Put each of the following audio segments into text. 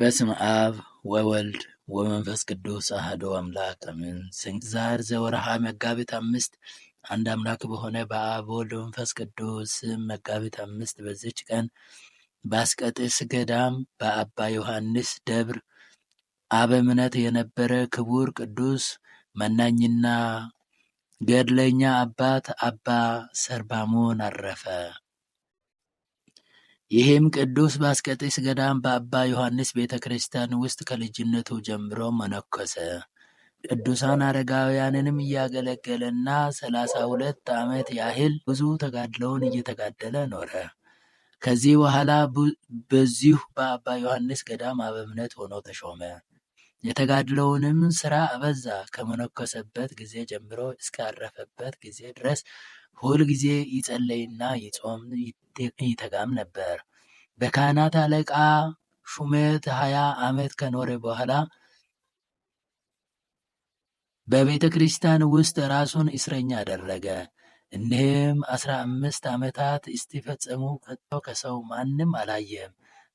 በስም አብ ወወልድ ወመንፈስ ቅዱስ አህዶ አምላክ አሜን። ስንክሳር ዘወርሃ መጋቢት አምስት አንድ አምላክ በሆነ በአብ ወልድ መንፈስ ቅዱስ መጋቢት አምስት በዚች ቀን በአስቄጥስ ገዳም በአባ ዮሐንስ ደብር አበ ምኔት የነበረ ክቡር ቅዱስ መናኝና ገድለኛ አባት አባ ሰርባሞን አረፈ። ይህም ቅዱስ ባስልቄስ ገዳም በአባ ዮሐንስ ቤተ ክርስቲያን ውስጥ ከልጅነቱ ጀምሮ መነኮሰ። ቅዱሳን አረጋውያንንም እያገለገለና ሰላሳ ሁለት ዓመት ያህል ብዙ ተጋድለውን እየተጋደለ ኖረ። ከዚህ በኋላ በዚሁ በአባ ዮሐንስ ገዳም አበብነት ሆኖ ተሾመ። የተጋድለውንም ስራ አበዛ። ከመነኮሰበት ጊዜ ጀምሮ እስካረፈበት ጊዜ ድረስ ሁል ጊዜ ይጸለይና ይጾም ይተጋም ነበር። በካህናት አለቃ ሹመት ሀያ ዓመት ከኖረ በኋላ በቤተ ክርስቲያን ውስጥ ራሱን እስረኛ አደረገ። እኒህም አስራ አምስት ዓመታት እስቲፈጸሙ ከቶ ከሰው ማንም አላየም።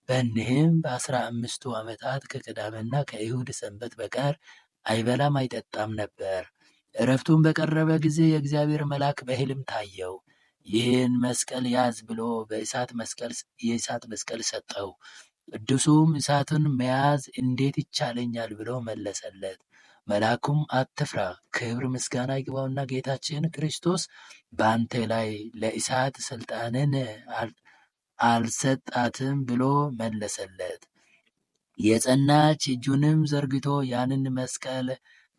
በእኒህም በአስራ አምስቱ ዓመታት ከቅዳሜና ከእሁድ ሰንበት በቀር አይበላም አይጠጣም ነበር። ዕረፍቱም በቀረበ ጊዜ የእግዚአብሔር መልአክ በሕልም ታየው። ይህን መስቀል ያዝ ብሎ የእሳት መስቀል ሰጠው። ቅዱሱም እሳቱን መያዝ እንዴት ይቻለኛል ብሎ መለሰለት። መልአኩም አትፍራ፣ ክብር ምስጋና ይግባውና ጌታችን ክርስቶስ በአንተ ላይ ለእሳት ስልጣንን አልሰጣትም ብሎ መለሰለት። የጸናች እጁንም ዘርግቶ ያንን መስቀል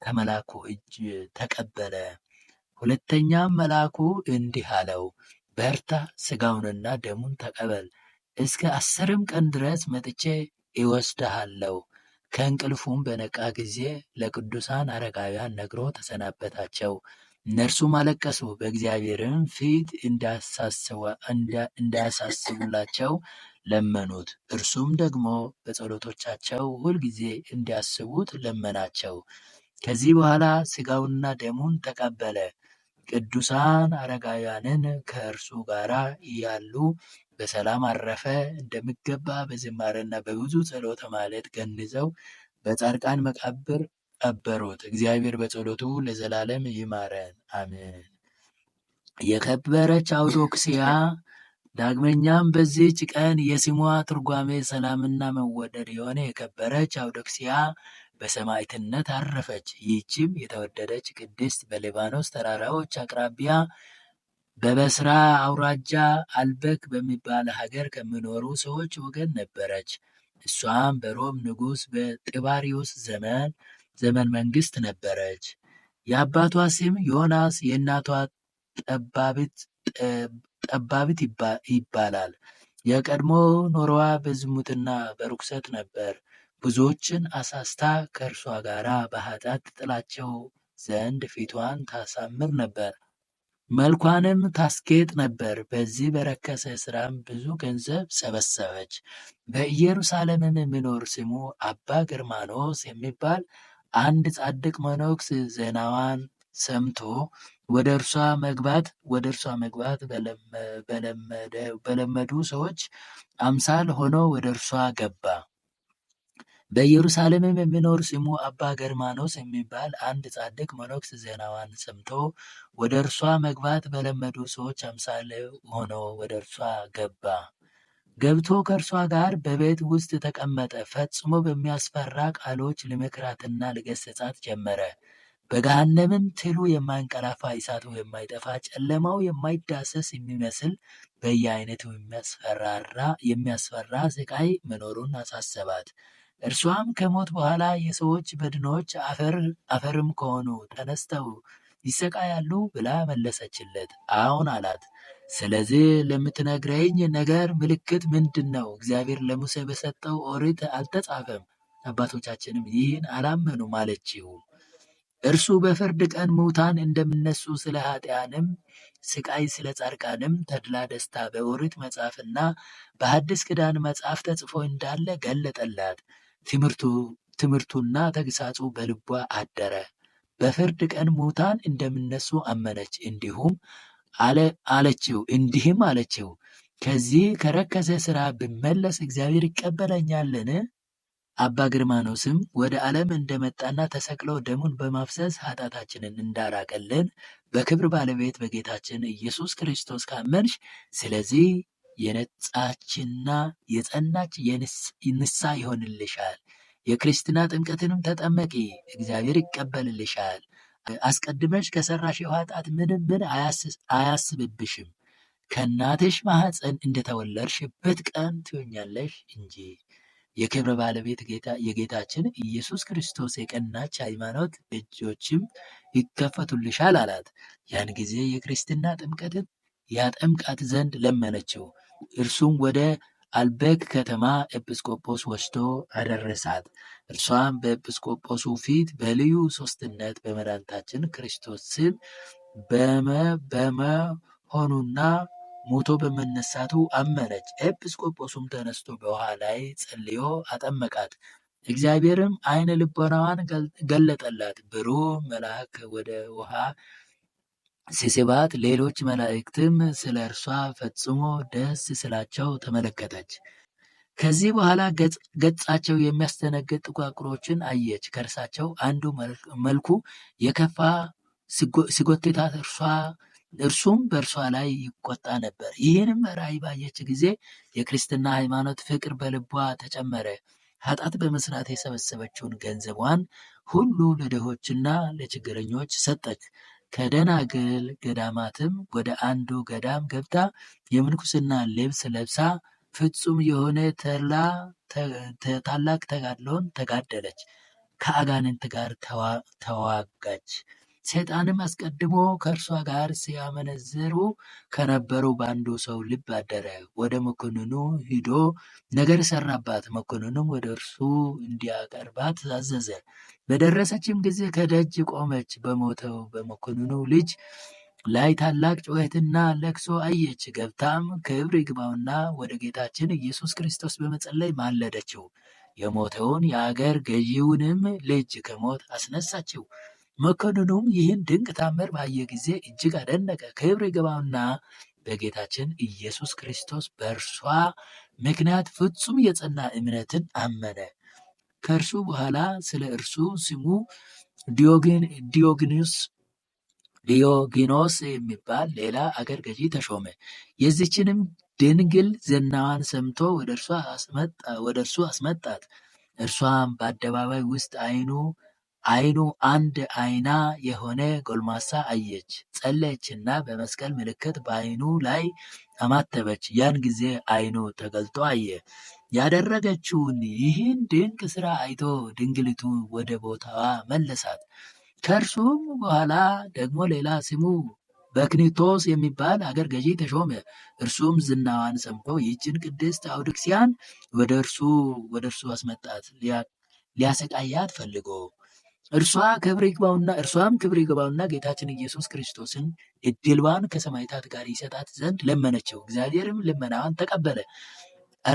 ከመላኩ እጅ ተቀበለ። ሁለተኛም መልአኩ እንዲህ አለው፣ በርታ፣ ስጋውንና ደሙን ተቀበል፣ እስከ አስርም ቀን ድረስ መጥቼ እወስድሃለሁ። ከእንቅልፉም በነቃ ጊዜ ለቅዱሳን አረጋውያን ነግሮ ተሰናበታቸው። እነርሱም አለቀሱ። በእግዚአብሔርም ፊት እንዳያሳስቡላቸው ለመኑት። እርሱም ደግሞ በጸሎቶቻቸው ሁልጊዜ እንዲያስቡት ለመናቸው። ከዚህ በኋላ ስጋውና ደሙን ተቀበለ። ቅዱሳን አረጋውያንን ከእርሱ ጋር እያሉ በሰላም አረፈ። እንደሚገባ በዝማሬና በብዙ ጸሎተ ማለት ገንዘው በጻድቃን መቃብር ቀበሩት። እግዚአብሔር በጸሎቱ ለዘላለም ይማረን፣ አሜን። የከበረች አውዶክሲያ ዳግመኛም በዚህች ቀን የስሟ ትርጓሜ ሰላምና መወደድ የሆነ የከበረች አውዶክሲያ። በሰማዕትነት አረፈች። ይህችም የተወደደች ቅድስት በሊባኖስ ተራራዎች አቅራቢያ በበስራ አውራጃ አልበክ በሚባል ሀገር ከሚኖሩ ሰዎች ወገን ነበረች። እሷም በሮም ንጉሥ በጢባርዮስ ዘመን ዘመን መንግስት ነበረች። የአባቷ ስም ዮናስ፣ የእናቷ ጠባቢት ይባላል። የቀድሞ ኖሯ በዝሙትና በርኩሰት ነበር። ብዙዎችን አሳስታ ከእርሷ ጋር በኃጢአት ትጥላቸው ዘንድ ፊቷን ታሳምር ነበር፣ መልኳንም ታስጌጥ ነበር። በዚህ በረከሰ ሥራም ብዙ ገንዘብ ሰበሰበች። በኢየሩሳሌምም የሚኖር ስሙ አባ ግርማኖስ የሚባል አንድ ጻድቅ መነኩስ ዜናዋን ሰምቶ ወደ እርሷ መግባት ወደ እርሷ መግባት በለመዱ ሰዎች አምሳል ሆኖ ወደ እርሷ ገባ። በኢየሩሳሌምም የሚኖር ስሙ አባ ገርማኖስ የሚባል አንድ ጻድቅ መነኩስ ዜናዋን ሰምቶ ወደ እርሷ መግባት በለመዱ ሰዎች አምሳል ሆኖ ወደ እርሷ ገባ። ገብቶ ከእርሷ ጋር በቤት ውስጥ ተቀመጠ። ፈጽሞ በሚያስፈራ ቃሎች ሊመክራትና ልገሰጻት ጀመረ። በገሃነምም ትሉ የማይንቀላፋ እሳቱ የማይጠፋ ጨለማው የማይዳሰስ የሚመስል በየአይነቱ የሚያስፈራ ስቃይ መኖሩን አሳሰባት። እርሷም ከሞት በኋላ የሰዎች በድኖች አፈርም ከሆኑ ተነስተው ይሰቃያሉ ብላ መለሰችለት። አሁን አላት። ስለዚህ ለምትነግረኝ ነገር ምልክት ምንድን ነው? እግዚአብሔር ለሙሴ በሰጠው ኦሪት አልተጻፈም፣ አባቶቻችንም ይህን አላመኑም አለችው። እርሱ በፍርድ ቀን ሙታን እንደሚነሱ ስለ ኃጢያንም ስቃይ ስለ ጻድቃንም ተድላ ደስታ በኦሪት መጽሐፍና በሐዲስ ኪዳን መጽሐፍ ተጽፎ እንዳለ ገለጠላት። ትምህርቱና ተግሳጹ በልቧ አደረ። በፍርድ ቀን ሙታን እንደሚነሱ አመነች። እንዲሁም አለችው እንዲህም አለችው ከዚህ ከረከሰ ስራ ብመለስ እግዚአብሔር ይቀበለኛልን? አባ ግርማኖስም ወደ ዓለም እንደመጣና ተሰቅሎ ደሙን በማፍሰስ ኃጢአታችንን እንዳራቀልን በክብር ባለቤት በጌታችን ኢየሱስ ክርስቶስ ካመንሽ ስለዚህ የነጻችና የጸናች ንስሐ ይሆንልሻል። የክርስትና ጥምቀትንም ተጠመቂ፣ እግዚአብሔር ይቀበልልሻል። አስቀድመሽ ከሰራሽ ኃጢአት ምንም ምን አያስብብሽም። ከእናትሽ ማኅፀን እንደተወለድሽበት ቀን ትሆኛለሽ እንጂ የክብረ ባለቤት የጌታችን ኢየሱስ ክርስቶስ የቀናች ሃይማኖት እጆችም ይከፈቱልሻል አላት። ያን ጊዜ የክርስትና ጥምቀትን ያጠምቃት ዘንድ ለመነችው። እርሱም ወደ አልበግ ከተማ ኤጲስቆጶስ ወስዶ አደረሳት። እርሷም በኤጲስቆጶሱ ፊት በልዩ ሦስትነት በመድኃኒታችን ክርስቶስ ስም በመሆኑና ሞቶ በመነሳቱ አመነች። ኤጲስቆጶሱም ተነስቶ በውሃ ላይ ጸልዮ አጠመቃት። እግዚአብሔርም ዓይነ ልቦናዋን ገለጠላት። ብሩህ መልአክ ወደ ውሃ ሲስባት ሌሎች መላእክትም ስለ እርሷ ፈጽሞ ደስ ስላቸው ተመለከተች። ከዚህ በኋላ ገጻቸው የሚያስደነግጥ ጥቋቁሮችን አየች። ከእርሳቸው አንዱ መልኩ የከፋ ሲጎትታት እርሷ እርሱም በእርሷ ላይ ይቆጣ ነበር። ይህንም ራእይ ባየች ጊዜ የክርስትና ሃይማኖት ፍቅር በልቧ ተጨመረ። ኃጢአት በመስራት የሰበሰበችውን ገንዘቧን ሁሉ ለድሆችና ለችግረኞች ሰጠች። ከደናግል ገዳማትም ወደ አንዱ ገዳም ገብታ የምንኩስና ልብስ ለብሳ ፍጹም የሆነ ተላ ታላቅ ተጋድሎን ተጋደለች። ከአጋንንት ጋር ተዋጋች። ሰይጣንም አስቀድሞ ከእርሷ ጋር ሲያመነዝሩ ከነበረው በአንዱ ሰው ልብ አደረ። ወደ መኮንኑ ሂዶ ነገር ሰራባት መኮንኑም ወደ እርሱ እንዲያቀርባት አዘዘ። በደረሰችም ጊዜ ከደጅ ቆመች። በሞተው በመኮንኑ ልጅ ላይ ታላቅ ጩኸትና ለቅሶ አየች። ገብታም ክብር ይግባውና ወደ ጌታችን ኢየሱስ ክርስቶስ በመጸለይ ማለደችው። የሞተውን የአገር ገዢውንም ልጅ ከሞት አስነሳችው። መኮንኑም ይህን ድንቅ ታምር ባየ ጊዜ እጅግ አደነቀ። ክብር ገባውና በጌታችን ኢየሱስ ክርስቶስ በእርሷ ምክንያት ፍጹም የጸና እምነትን አመነ። ከእርሱ በኋላ ስለ እርሱ ስሙ ዲዮግኒስ ዲዮጊኖስ የሚባል ሌላ አገር ገዢ ተሾመ። የዚችንም ድንግል ዝናዋን ሰምቶ ወደ እርሱ አስመጣት። እርሷም በአደባባይ ውስጥ አይኑ አይኑ አንድ አይና የሆነ ጎልማሳ አየች። ጸለየችና በመስቀል ምልክት በአይኑ ላይ አማተበች። ያን ጊዜ አይኑ ተገልጦ አየ። ያደረገችውን ይህን ድንቅ ሥራ አይቶ ድንግሊቱ ወደ ቦታዋ መለሳት። ከእርሱም በኋላ ደግሞ ሌላ ስሙ በክኒቶስ የሚባል አገር ገዢ ተሾመ። እርሱም ዝናዋን ሰምቶ ይህችን ቅድስት አውድክሲያን ወደ እርሱ ወደ እርሱ አስመጣት ሊያሰቃያት ፈልጎ እርሷ ክብር ይግባውና እርሷም ክብር ይግባውና ጌታችን ኢየሱስ ክርስቶስን እድልዋን ከሰማይታት ጋር ይሰጣት ዘንድ ለመነችው። እግዚአብሔርም ልመናዋን ተቀበለ።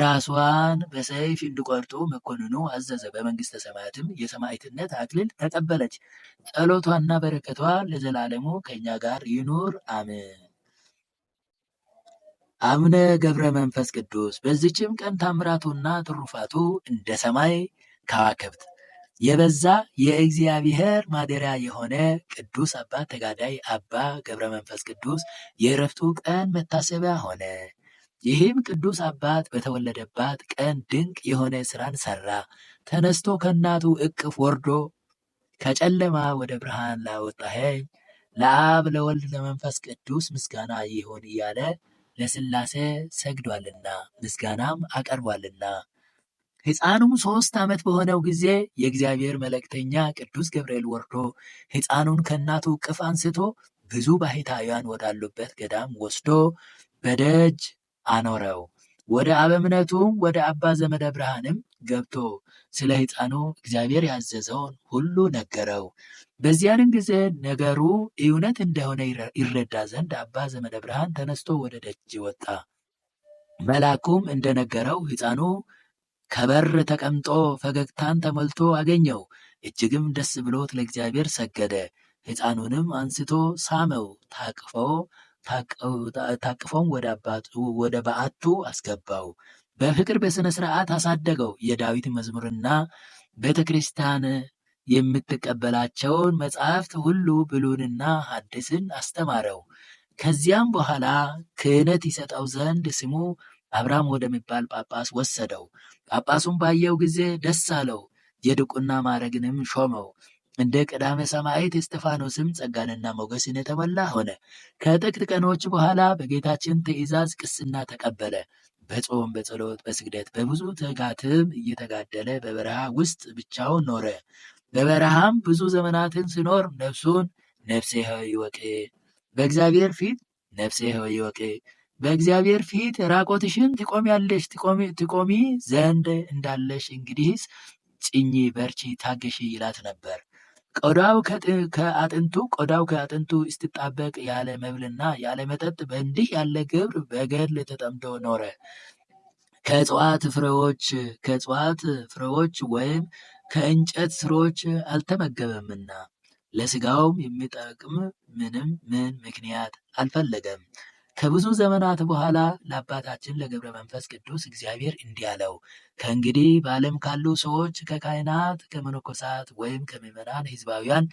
ራሷን በሰይፍ እንዲቆርጡ መኮንኑ አዘዘ። በመንግሥተ ሰማያትም የሰማዕትነት አክሊል ተቀበለች። ጸሎቷና በረከቷ ለዘላለሙ ከእኛ ጋር ይኑር አምን አቡነ ገብረ መንፈስ ቅዱስ። በዚችም ቀን ታምራቱና ትሩፋቱ እንደ ሰማይ ከዋክብት የበዛ የእግዚአብሔር ማደሪያ የሆነ ቅዱስ አባ ተጋዳይ አባ ገብረ መንፈስ ቅዱስ የእረፍቱ ቀን መታሰቢያ ሆነ። ይህም ቅዱስ አባት በተወለደባት ቀን ድንቅ የሆነ ሥራን ሠራ። ተነስቶ ከእናቱ እቅፍ ወርዶ ከጨለማ ወደ ብርሃን ላወጣኸኝ ለአብ ለወልድ ለመንፈስ ቅዱስ ምስጋና ይሁን እያለ ለስላሴ ሰግዷልና ምስጋናም አቀርቧልና ሕፃኑም ሦስት ዓመት በሆነው ጊዜ የእግዚአብሔር መልእክተኛ ቅዱስ ገብርኤል ወርዶ ሕፃኑን ከእናቱ እቅፍ አንስቶ ብዙ ባህታውያን ወዳሉበት ገዳም ወስዶ በደጅ አኖረው። ወደ አበምነቱም ወደ አባ ዘመደ ብርሃንም ገብቶ ስለ ሕፃኑ እግዚአብሔር ያዘዘውን ሁሉ ነገረው። በዚያንም ጊዜ ነገሩ እውነት እንደሆነ ይረዳ ዘንድ አባ ዘመደ ብርሃን ተነስቶ ወደ ደጅ ወጣ። መልአኩም እንደነገረው ሕፃኑ ከበር ተቀምጦ ፈገግታን ተሞልቶ አገኘው። እጅግም ደስ ብሎት ለእግዚአብሔር ሰገደ። ሕፃኑንም አንስቶ ሳመው፣ ታቅፎም ወደ በዓቱ አስገባው። በፍቅር በሥነ ሥርዓት አሳደገው። የዳዊት መዝሙርና ቤተ ክርስቲያን የምትቀበላቸውን መጽሐፍት ሁሉ ብሉንና ሐዲስን አስተማረው። ከዚያም በኋላ ክህነት ይሰጠው ዘንድ ስሙ አብርሃም ወደሚባል ጳጳስ ወሰደው። ጳጳሱም ባየው ጊዜ ደስ አለው፣ የድቁና ማዕረግንም ሾመው። እንደ ቀዳሜ ሰማዕት እስጢፋኖስም ጸጋንና ሞገስን የተሞላ ሆነ። ከጥቂት ቀኖች በኋላ በጌታችን ትእዛዝ ቅስና ተቀበለ። በጾም በጸሎት በስግደት በብዙ ትጋትም እየተጋደለ በበረሃ ውስጥ ብቻውን ኖረ። በበረሃም ብዙ ዘመናትን ሲኖር ነፍሱን ነፍሴ ሆይ በእግዚአብሔር ፊት ነፍሴ ሆይ በእግዚአብሔር ፊት ራቆትሽን ትቆሚያለሽ ትቆሚ ዘንድ እንዳለሽ እንግዲህስ ጭኚ፣ በርቺ፣ ታገሺ ይላት ነበር። ቆዳው ከአጥንቱ ቆዳው ከአጥንቱ ስትጣበቅ ያለ መብልና ያለ መጠጥ በእንዲህ ያለ ግብር በገድል ተጠምዶ ኖረ። ከእጽዋት ፍሬዎች ከእጽዋት ፍሬዎች ወይም ከእንጨት ስሮች አልተመገበምና ለስጋውም የሚጠቅም ምንም ምን ምክንያት አልፈለገም። ከብዙ ዘመናት በኋላ ለአባታችን ለገብረ መንፈስ ቅዱስ እግዚአብሔር እንዲህ አለው። ከእንግዲህ በዓለም ካሉ ሰዎች ከካህናት፣ ከመነኮሳት ወይም ከምዕመናን ሕዝባውያን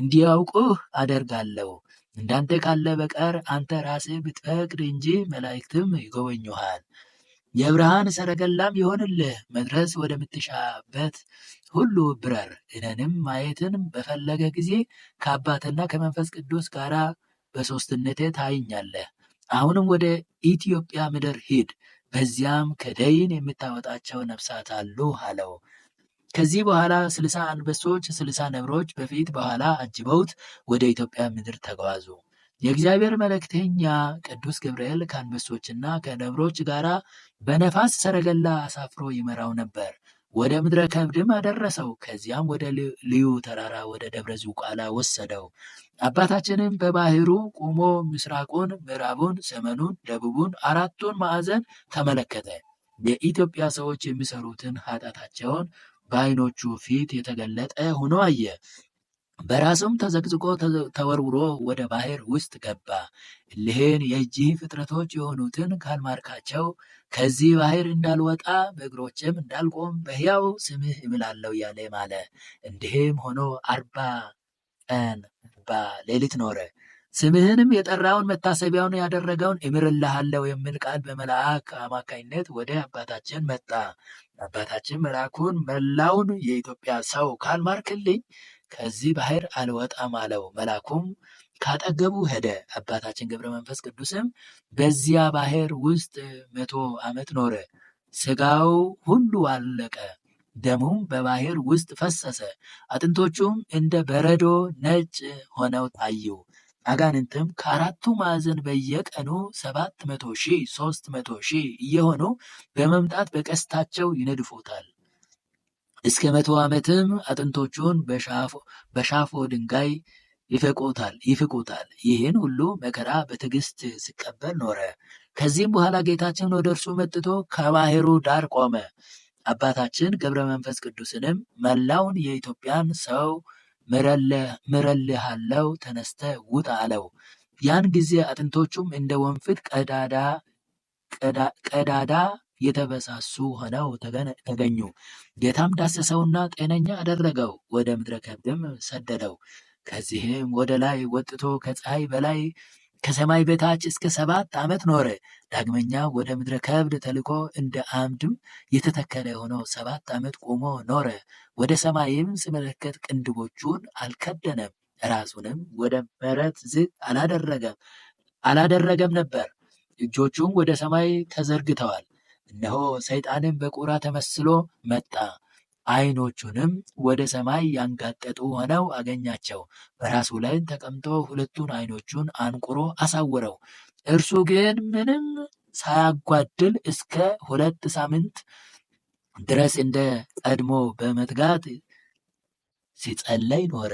እንዲያውቁህ አደርጋለሁ። እንዳንተ ካለ በቀር አንተ ራስህ ብትፈቅድ እንጂ መላእክትም ይጎበኙሃል። የብርሃን ሰረገላም ይሆንልህ። መድረስ ወደምትሻበት ሁሉ ብረር። እኔንም ማየትን በፈለገ ጊዜ ከአባትና ከመንፈስ ቅዱስ ጋር በሶስትነቴ ታይኛለህ። አሁንም ወደ ኢትዮጵያ ምድር ሂድ፣ በዚያም ከደይን የምታወጣቸው ነፍሳት አሉ አለው። ከዚህ በኋላ ስልሳ አንበሶች ስልሳ ነብሮች በፊት በኋላ አጅበውት ወደ ኢትዮጵያ ምድር ተጓዙ። የእግዚአብሔር መልእክተኛ ቅዱስ ገብርኤል ከአንበሶችና ከነብሮች ጋር በነፋስ ሰረገላ አሳፍሮ ይመራው ነበር። ወደ ምድረ ከብድም አደረሰው። ከዚያም ወደ ልዩ ተራራ ወደ ደብረ ዝቋላ ወሰደው። አባታችንም በባህሩ ቆሞ ምስራቁን፣ ምዕራቡን፣ ሰሜኑን፣ ደቡቡን አራቱን ማዕዘን ተመለከተ። የኢትዮጵያ ሰዎች የሚሰሩትን ኃጢአታቸውን በዓይኖቹ ፊት የተገለጠ ሆኖ አየ። በራሱም ተዘቅዝቆ ተወርውሮ ወደ ባህር ውስጥ ገባ። እሊህን የእጅህ ፍጥረቶች የሆኑትን ካልማርካቸው ከዚህ ባህር እንዳልወጣ በእግሮችም እንዳልቆም በሕያው ስምህ እምላለሁ እያለ ማለ። እንዲህም ሆኖ አርባ ቀን አርባ ሌሊት ኖረ። ስምህንም የጠራውን መታሰቢያውን ያደረገውን እምርልሃለሁ የሚል ቃል በመልአክ አማካኝነት ወደ አባታችን መጣ። አባታችን መልአኩን መላውን የኢትዮጵያ ሰው ካልማርክልኝ ከዚህ ባህር አልወጣም አለው። መላኩም ካጠገቡ ሄደ። አባታችን ገብረ መንፈስ ቅዱስም በዚያ ባህር ውስጥ መቶ ዓመት ኖረ። ስጋው ሁሉ አለቀ፣ ደሙም በባህር ውስጥ ፈሰሰ። አጥንቶቹም እንደ በረዶ ነጭ ሆነው ታዩ። አጋንንትም ከአራቱ ማዕዘን በየቀኑ ሰባት መቶ ሺህ ሶስት መቶ ሺህ እየሆኑ በመምጣት በቀስታቸው ይነድፉታል። እስከ መቶ ዓመትም አጥንቶቹን በሻፎ ድንጋይ ይፍቁታል። ይህን ሁሉ መከራ በትዕግስት ሲቀበል ኖረ። ከዚህም በኋላ ጌታችን ወደ እርሱ መጥቶ ከባህሩ ዳር ቆመ። አባታችን ገብረ መንፈስ ቅዱስንም መላውን የኢትዮጵያን ሰው ምረልሃለው፣ ተነስተ ውጥ አለው። ያን ጊዜ አጥንቶቹም እንደ ወንፊት ቀዳዳ የተበሳሱ ሆነው ተገኙ። ጌታም ዳሰሰውና ጤነኛ አደረገው፣ ወደ ምድረ ከብድም ሰደደው። ከዚህም ወደ ላይ ወጥቶ ከፀሐይ በላይ ከሰማይ በታች እስከ ሰባት ዓመት ኖረ። ዳግመኛ ወደ ምድረ ከብድ ተልኮ እንደ አምድም የተተከለ ሆኖ ሰባት ዓመት ቆሞ ኖረ። ወደ ሰማይም ሲመለከት ቅንድቦቹን አልከደነም፣ ራሱንም ወደ መሬት ዝቅ አላደረገም አላደረገም ነበር። እጆቹም ወደ ሰማይ ተዘርግተዋል። እነሆ ሰይጣንም በቁራ ተመስሎ መጣ። አይኖቹንም ወደ ሰማይ ያንጋጠጡ ሆነው አገኛቸው። በራሱ ላይ ተቀምጦ ሁለቱን አይኖቹን አንቁሮ አሳወረው። እርሱ ግን ምንም ሳያጓድል እስከ ሁለት ሳምንት ድረስ እንደ ቀድሞ በመትጋት ሲጸለይ ኖረ።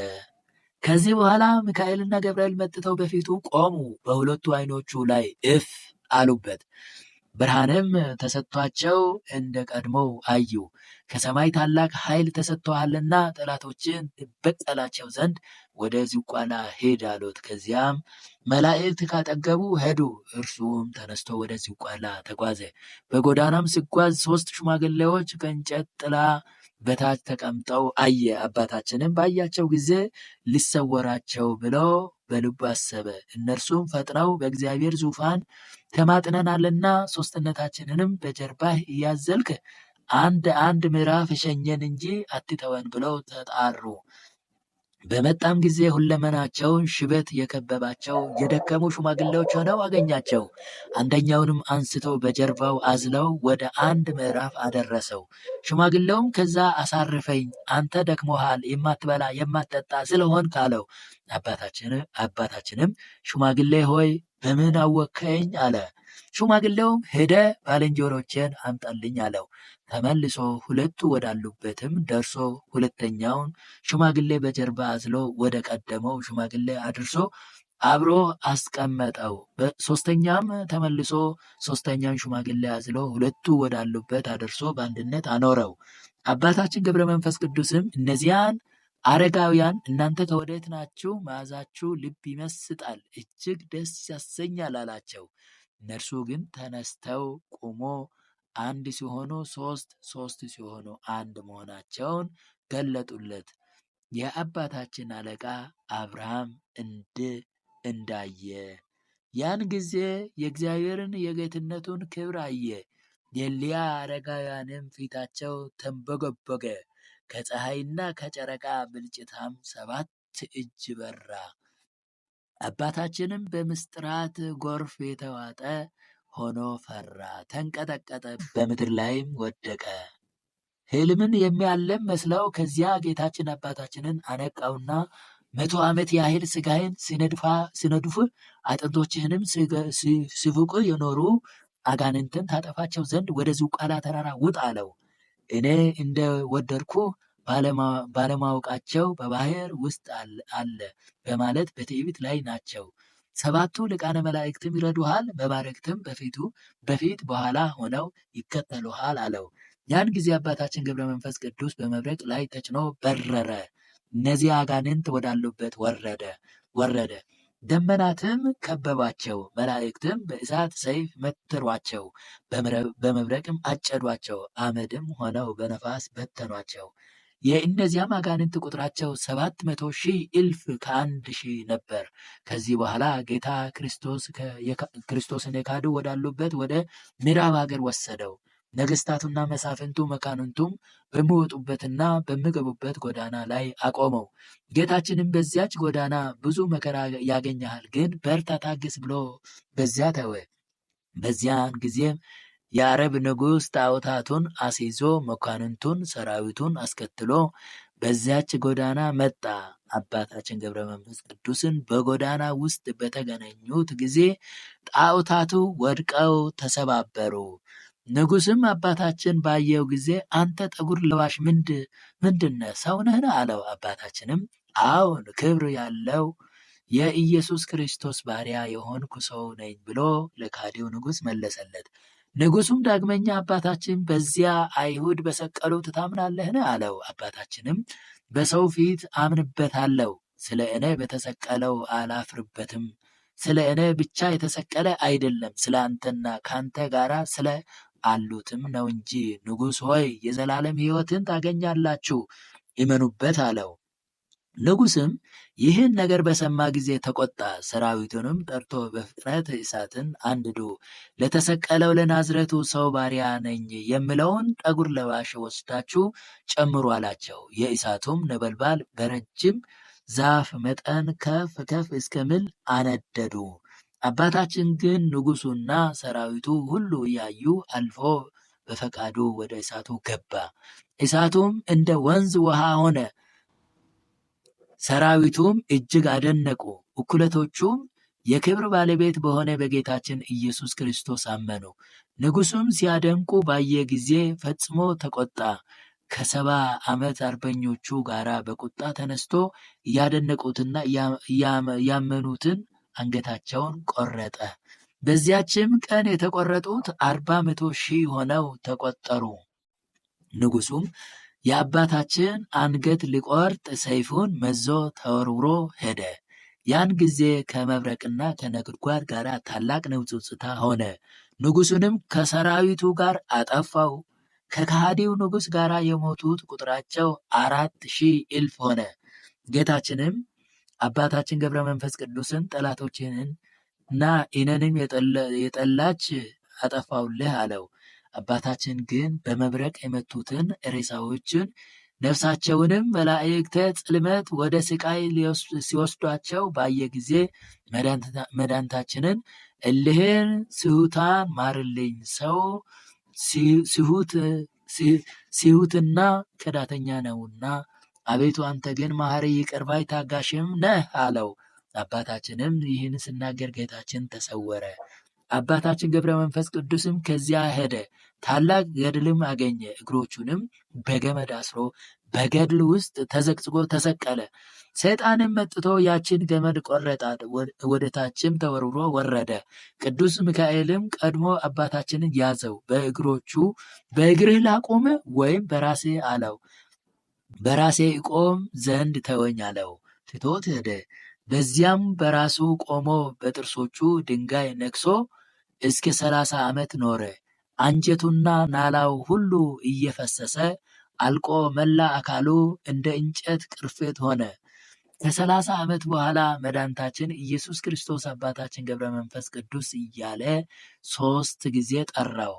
ከዚህ በኋላ ሚካኤልና ገብርኤል መጥተው በፊቱ ቆሙ፣ በሁለቱ አይኖቹ ላይ እፍ አሉበት። ብርሃንም ተሰጥቷቸው እንደ ቀድሞው አዩ። ከሰማይ ታላቅ ኃይል ተሰጥቶሃልና ጠላቶችን እበቀላቸው ዘንድ ወደ ዝቋላ ሄድ አሉት። ከዚያም መላእክት ካጠገቡ ሄዱ። እርሱም ተነስቶ ወደ ዝቋላ ተጓዘ። በጎዳናም ሲጓዝ ሶስት ሽማግሌዎች ከእንጨት ጥላ በታች ተቀምጠው አየ። አባታችንም ባያቸው ጊዜ ሊሰወራቸው ብለው በልቡ አሰበ። እነርሱም ፈጥነው በእግዚአብሔር ዙፋን ተማጥነናልና ሦስትነታችንንም በጀርባህ እያዘልክ አንድ አንድ ምዕራፍ እሸኘን እንጂ አትተወን ብለው ተጣሩ። በመጣም ጊዜ ሁለመናቸውን ሽበት የከበባቸው የደከሙ ሽማግሌዎች ሆነው አገኛቸው። አንደኛውንም አንስቶ በጀርባው አዝለው ወደ አንድ ምዕራፍ አደረሰው። ሽማግሌውም ከዛ አሳርፈኝ፣ አንተ ደክሞሃል፣ የማትበላ የማትጠጣ ስለሆን ካለው አባታችን አባታችንም ሽማግሌ ሆይ በምን አወከኝ አለ። ሽማግሌውም ሄደ ባልንጀሮቼን አምጣልኝ አለው። ተመልሶ ሁለቱ ወዳሉበትም ደርሶ ሁለተኛውን ሽማግሌ በጀርባ አዝሎ ወደ ቀደመው ሽማግሌ አድርሶ አብሮ አስቀመጠው። ሶስተኛም ተመልሶ ሶስተኛውን ሽማግሌ አዝሎ ሁለቱ ወዳሉበት አድርሶ በአንድነት አኖረው። አባታችን ገብረ መንፈስ ቅዱስም እነዚያን አረጋውያን እናንተ ከወዴት ናችሁ? መዓዛችሁ ልብ ይመስጣል፣ እጅግ ደስ ያሰኛል አላቸው። እነርሱ ግን ተነስተው ቆሞ አንድ ሲሆኑ ሶስት ሶስት ሲሆኑ አንድ መሆናቸውን ገለጡለት። የአባታችን አለቃ አብርሃም እንድ እንዳየ ያን ጊዜ የእግዚአብሔርን የጌትነቱን ክብር አየ። የሊያ አረጋውያንም ፊታቸው ተንበገበገ ከፀሐይና ከጨረቃ ብልጭታም ሰባት እጅ በራ። አባታችንም በምስጥራት ጎርፍ የተዋጠ ሆኖ ፈራ፣ ተንቀጠቀጠ፣ በምድር ላይም ወደቀ። ሕልምን የሚያለም መስለው ከዚያ ጌታችን አባታችንን አነቃውና መቶ ዓመት ያህል ስጋይን ሲነድፉ አጥንቶችህንም ሲፍቁ የኖሩ አጋንንትን ታጠፋቸው ዘንድ ወደ ዝቋላ ተራራ ውጥ አለው። እኔ እንደ ወደድኩ ባለማወቃቸው በባህር ውስጥ አለ በማለት በትዕቢት ላይ ናቸው። ሰባቱ ሊቃነ መላእክትም ይረዱሃል፣ መባረክትም በፊቱ በፊት በኋላ ሆነው ይከተሉሃል አለው። ያን ጊዜ አባታችን ገብረ መንፈስ ቅዱስ በመብረቅ ላይ ተጭኖ በረረ። እነዚህ አጋንንት ወዳሉበት ወረደ ወረደ። ደመናትም ከበቧቸው መላእክትም በእሳት ሰይፍ መትሯቸው፣ በመብረቅም አጨዷቸው፣ አመድም ሆነው በነፋስ በተኗቸው። የእነዚያም አጋንንት ቁጥራቸው ሰባት መቶ ሺህ እልፍ ከአንድ ሺህ ነበር። ከዚህ በኋላ ጌታ ክርስቶስን የካዱ ወዳሉበት ወደ ምዕራብ ሀገር ወሰደው። ነገስታቱና መሳፍንቱ መኳንንቱም በሚወጡበትና በሚገቡበት ጎዳና ላይ አቆመው። ጌታችንም በዚያች ጎዳና ብዙ መከራ ያገኘሃል፣ ግን በርታ፣ ታግስ ብሎ በዚያ ተወ። በዚያን ጊዜም የአረብ ንጉሥ ጣዖታቱን አስይዞ መኳንንቱን ሰራዊቱን አስከትሎ በዚያች ጎዳና መጣ። አባታችን ገብረ መንፈስ ቅዱስን በጎዳና ውስጥ በተገናኙት ጊዜ ጣዖታቱ ወድቀው ተሰባበሩ። ንጉሥም አባታችን ባየው ጊዜ አንተ ጠጉር ለባሽ ምንድነ ሰው ነህን? አለው። አባታችንም አዎን ክብር ያለው የኢየሱስ ክርስቶስ ባሪያ የሆንኩ ሰው ነኝ ብሎ ለካዲው ንጉሥ መለሰለት። ንጉሱም ዳግመኛ አባታችን በዚያ አይሁድ በሰቀሉት ታምናለህን? አለው። አባታችንም በሰው ፊት አምንበታለሁ፣ ስለ እኔ በተሰቀለው አላፍርበትም። ስለ እኔ ብቻ የተሰቀለ አይደለም፣ ስለ አንተና ከአንተ ጋር ስለ አሉትም ነው እንጂ። ንጉሥ ሆይ የዘላለም ሕይወትን ታገኛላችሁ፣ ይመኑበት አለው። ንጉስም ይህን ነገር በሰማ ጊዜ ተቆጣ። ሰራዊቱንም ጠርቶ በፍጥነት እሳትን አንድዱ፣ ለተሰቀለው ለናዝረቱ ሰው ባሪያ ነኝ የምለውን ጠጉር ለባሽ ወስዳችሁ ጨምሩ አላቸው። የእሳቱም ነበልባል በረጅም ዛፍ መጠን ከፍ ከፍ እስከሚል አነደዱ። አባታችን ግን ንጉሱና ሰራዊቱ ሁሉ እያዩ አልፎ በፈቃዱ ወደ እሳቱ ገባ። እሳቱም እንደ ወንዝ ውሃ ሆነ። ሰራዊቱም እጅግ አደነቁ። እኩለቶቹም የክብር ባለቤት በሆነ በጌታችን ኢየሱስ ክርስቶስ አመኑ። ንጉሡም ሲያደንቁ ባየ ጊዜ ፈጽሞ ተቆጣ። ከሰባ ዓመት አርበኞቹ ጋር በቁጣ ተነስቶ እያደነቁትና ያመኑትን አንገታቸውን ቆረጠ። በዚያችም ቀን የተቆረጡት አርባ መቶ ሺህ ሆነው ተቆጠሩ። ንጉሱም የአባታችን አንገት ሊቆርጥ ሰይፉን መዞ ተወርውሮ ሄደ። ያን ጊዜ ከመብረቅና ከነጎድጓድ ጋር ታላቅ ንውጽውጽታ ሆነ። ንጉሱንም ከሰራዊቱ ጋር አጠፋው። ከካሃዲው ንጉሥ ጋር የሞቱት ቁጥራቸው አራት ሺህ እልፍ ሆነ። ጌታችንም አባታችን ገብረ መንፈስ ቅዱስን ጠላቶችንን እና የጠላች አጠፋውልህ አለው። አባታችን ግን በመብረቅ የመቱትን ሬሳዎችን ነፍሳቸውንም መላእክተ ጽልመት ወደ ስቃይ ሲወስዷቸው ባየ ጊዜ መድኃኒታችንን እልህን ስሑታን ማርልኝ፣ ሰው ሲሁትና ከዳተኛ ነውና፣ አቤቱ አንተ ግን መሐሪ ይቅር ባይ ታጋሽም ነህ አለው። አባታችንም ይህን ስናገር ጌታችን ተሰወረ። አባታችን ገብረ መንፈስ ቅዱስም ከዚያ ሄደ። ታላቅ ገድልም አገኘ። እግሮቹንም በገመድ አስሮ በገድል ውስጥ ተዘቅዝቆ ተሰቀለ። ሰይጣንም መጥቶ ያችን ገመድ ቆረጣት፣ ወደ ታችም ተወርውሮ ወረደ። ቅዱስ ሚካኤልም ቀድሞ አባታችንን ያዘው። በእግሮቹ በእግርህ ላቆመ ወይም በራሴ አለው፣ በራሴ ይቆም ዘንድ ተወኝ አለው። ትቶት ሄደ። በዚያም በራሱ ቆሞ በጥርሶቹ ድንጋይ ነክሶ እስከ ሰላሳ ዓመት ኖረ። አንጀቱና ናላው ሁሉ እየፈሰሰ አልቆ መላ አካሉ እንደ እንጨት ቅርፊት ሆነ። ከሰላሳ ዓመት በኋላ መድኃኒታችን ኢየሱስ ክርስቶስ አባታችን ገብረ መንፈስ ቅዱስ እያለ ሦስት ጊዜ ጠራው።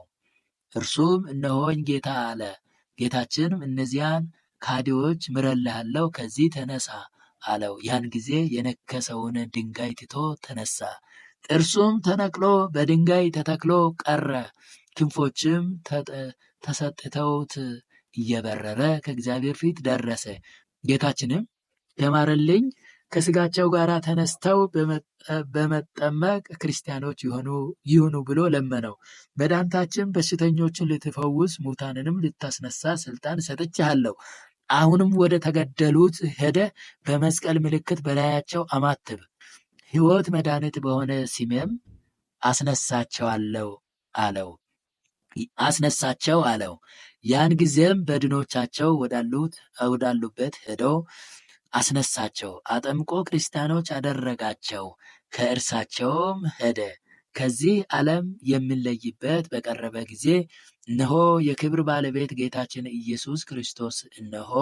እርሱም እነሆኝ ጌታ አለ። ጌታችንም እነዚያን ካዲዎች ምረልሃለሁ፣ ከዚህ ተነሳ አለው። ያን ጊዜ የነከሰውን ድንጋይ ትቶ ተነሳ። ጥርሱም ተነቅሎ በድንጋይ ተተክሎ ቀረ። ክንፎችም ተሰጥተውት እየበረረ ከእግዚአብሔር ፊት ደረሰ። ጌታችንም የማረልኝ ከስጋቸው ጋር ተነስተው በመጠመቅ ክርስቲያኖች ይሁኑ ብሎ ለመነው። መድኃኒታችን በሽተኞችን ልትፈውስ ሙታንንም ልታስነሳ ስልጣን ሰጥቼሃለሁ አሁንም ወደ ተገደሉት ሄደ፣ በመስቀል ምልክት በላያቸው አማትብ፣ ሕይወት መድኃኒት በሆነ ሲሜም አስነሳቸዋለሁ አለው አስነሳቸው አለው። ያን ጊዜም በድኖቻቸው ወዳሉት ወዳሉበት ሄደው አስነሳቸው፣ አጠምቆ ክርስቲያኖች አደረጋቸው፣ ከእርሳቸውም ሄደ። ከዚህ ዓለም የምንለይበት በቀረበ ጊዜ እነሆ የክብር ባለቤት ጌታችን ኢየሱስ ክርስቶስ እነሆ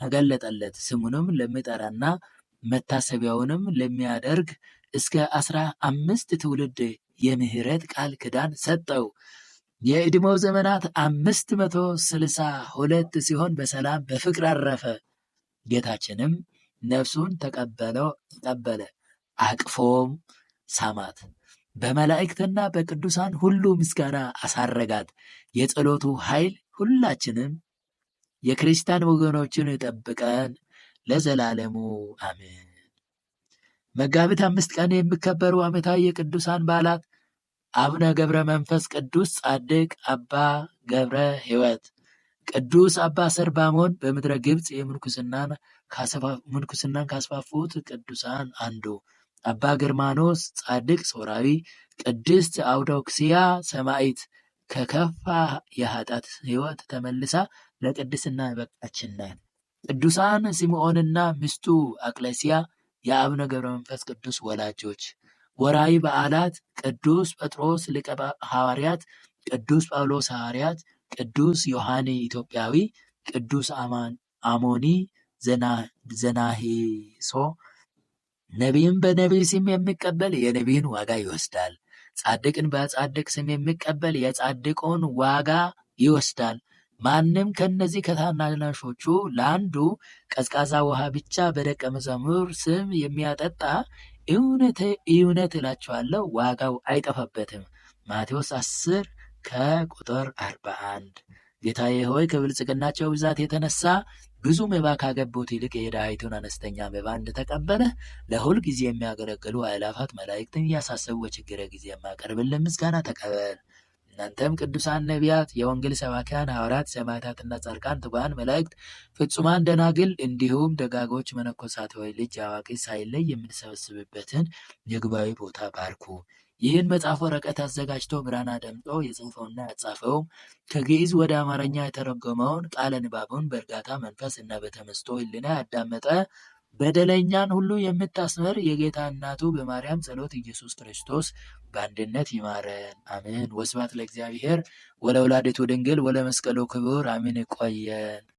ተገለጠለት። ስሙንም ለሚጠራና መታሰቢያውንም ለሚያደርግ እስከ አስራ አምስት ትውልድ የምህረት ቃል ክዳን ሰጠው። የዕድሜው ዘመናት አምስት መቶ ስልሳ ሁለት ሲሆን በሰላም በፍቅር አረፈ። ጌታችንም ነፍሱን ተቀበለ፣ አቅፎም ሳማት። በመላእክትና በቅዱሳን ሁሉ ምስጋና አሳረጋት። የጸሎቱ ኃይል ሁላችንም የክርስቲያን ወገኖችን ጠብቀን ለዘላለሙ አሜን። መጋቢት አምስት ቀን የሚከበሩ ዓመታዊ የቅዱሳን በዓላት አቡነ ገብረ መንፈስ ቅዱስ ጻድቅ፣ አባ ገብረ ሕይወት፣ ቅዱስ አባ ሰርባሞን በምድረ ግብፅ የምንኩስናን ካስፋፉት ቅዱሳን አንዱ አባ ገርማኖስ ጻድቅ ሶራዊ ቅድስት አውዶክሲያ ሰማዕት ከከፋ የኃጢአት ሕይወት ተመልሳ ለቅድስና የበቃችን ቅዱሳን ሲምዖንና ሚስቱ አቅለሲያ የአቡነ ገብረ መንፈስ ቅዱስ ወላጆች። ወራዊ በዓላት ቅዱስ ጴጥሮስ ሊቀ ሐዋርያት፣ ቅዱስ ጳውሎስ ሐዋርያት፣ ቅዱስ ዮሐኔ ኢትዮጵያዊ፣ ቅዱስ አሞኒ ዘናሂሶ! ነቢን በነቢይ ስም የሚቀበል የነቢይን ዋጋ ይወስዳል፣ ጻድቅን በጻድቅ ስም የሚቀበል የጻድቁን ዋጋ ይወስዳል። ማንም ከነዚህ ከታናናሾቹ ለአንዱ ቀዝቃዛ ውሃ ብቻ በደቀ መዝሙር ስም የሚያጠጣ እውነት እውነት እላችኋለሁ ዋጋው አይጠፋበትም። ማቴዎስ 10 ከቁጥር 41 ጌታዬ ሆይ ከብልጽግናቸው ብዛት የተነሳ ብዙ መባ ካገቡት ይልቅ የድሃይቱን አነስተኛ መባ እንደተቀበለ ለሁል ጊዜ የሚያገለግሉ አእላፋት መላእክትን እያሳሰቡ በችግረ ጊዜ የማቀርብልን ምስጋና ተቀበል። እናንተም ቅዱሳን ነቢያት፣ የወንጌል ሰባኪያን ሐዋርያት፣ ሰማዕታትና ጻድቃን፣ ትጉሃን መላእክት፣ ፍጹማን ደናግል እንዲሁም ደጋጎች መነኮሳት ሆይ ልጅ አዋቂ ሳይለይ የምንሰበስብበትን የጉባኤ ቦታ ባርኩ። ይህን መጽሐፍ ወረቀት አዘጋጅቶ ብራና ደምጦ የጻፈውና ያጻፈው ከግዕዝ ወደ አማርኛ የተረጎመውን ቃለ ንባቡን በእርጋታ መንፈስ እና በተመስጦ ሕሊና ያዳመጠ በደለኛን ሁሉ የምታስምር የጌታ እናቱ በማርያም ጸሎት ኢየሱስ ክርስቶስ በአንድነት ይማረን፣ አሜን። ወስብሐት ለእግዚአብሔር ወለወላዲቱ ድንግል ወለመስቀሉ ክቡር፣ አሜን። ይቆየን።